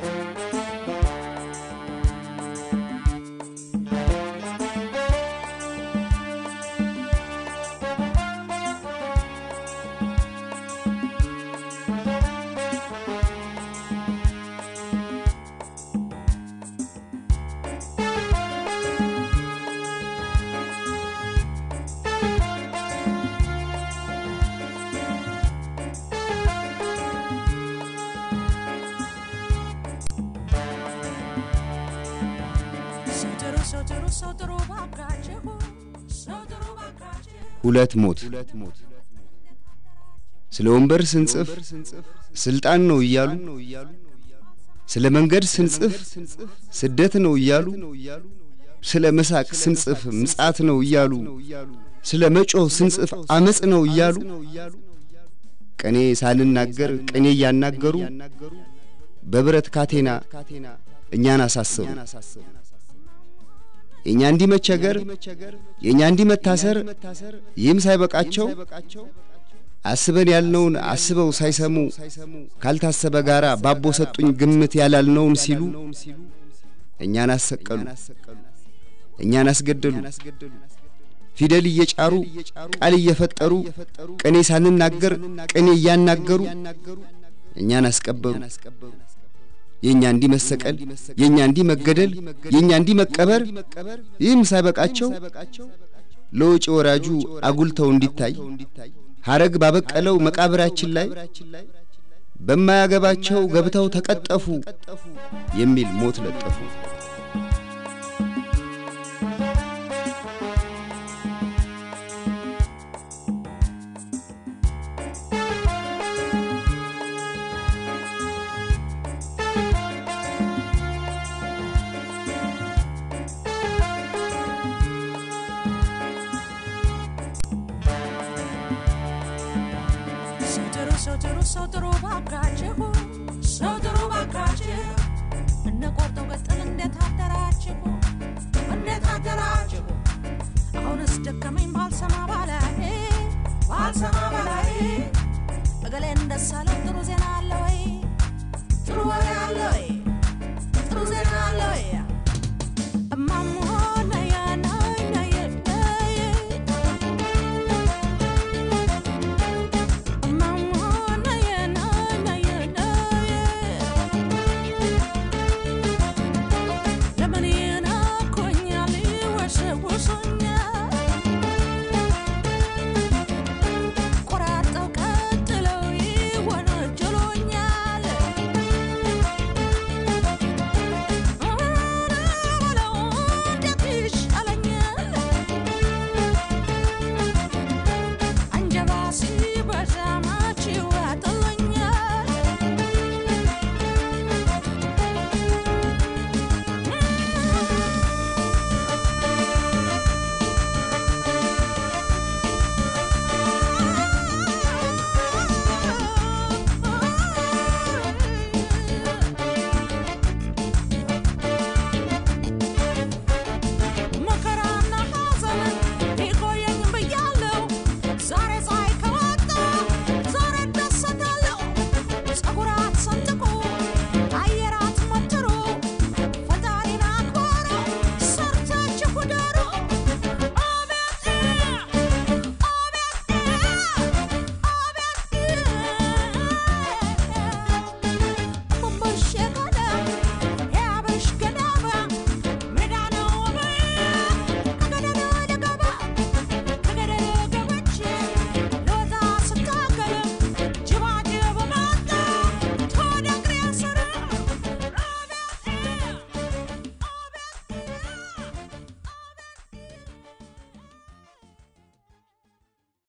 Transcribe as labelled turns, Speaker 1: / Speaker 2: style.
Speaker 1: thank you
Speaker 2: ሁለት ሞት ስለ ወንበር ስንጽፍ ስልጣን ነው እያሉ ስለ መንገድ ስንጽፍ ስደት ነው እያሉ ስለ መሳቅ ስንጽፍ ምጻት ነው እያሉ ስለ መጮህ ስንጽፍ አመጽ ነው እያሉ ቀኔ ሳልናገር ቅኔ እያናገሩ በብረት ካቴና እኛን አሳሰሩ። የእኛ እንዲህ መቸገር የእኛ እንዲህ መታሰር፣ ይህም ሳይበቃቸው አስበን ያልነውን አስበው ሳይሰሙ ካልታሰበ ጋር ባቦ ሰጡኝ ግምት ያላልነውን ሲሉ እኛን አሰቀሉ፣ እኛን አስገደሉ። ፊደል እየጫሩ ቃል እየፈጠሩ ቅኔ ሳንናገር ቅኔ እያናገሩ እኛን አስቀበሩ። የእኛ እንዲህ መሰቀል፣ የእኛ እንዲህ መገደል፣ የእኛ እንዲህ መቀበር፣ ይህም ሳይበቃቸው ለውጭ ወራጁ አጉልተው እንዲታይ ሐረግ ባበቀለው መቃብራችን ላይ በማያገባቸው ገብተው ተቀጠፉ የሚል ሞት ለጠፉ።
Speaker 3: ሰው ጥሩ ሰው ጥሩ ባካችሁ ሰው ጥሩ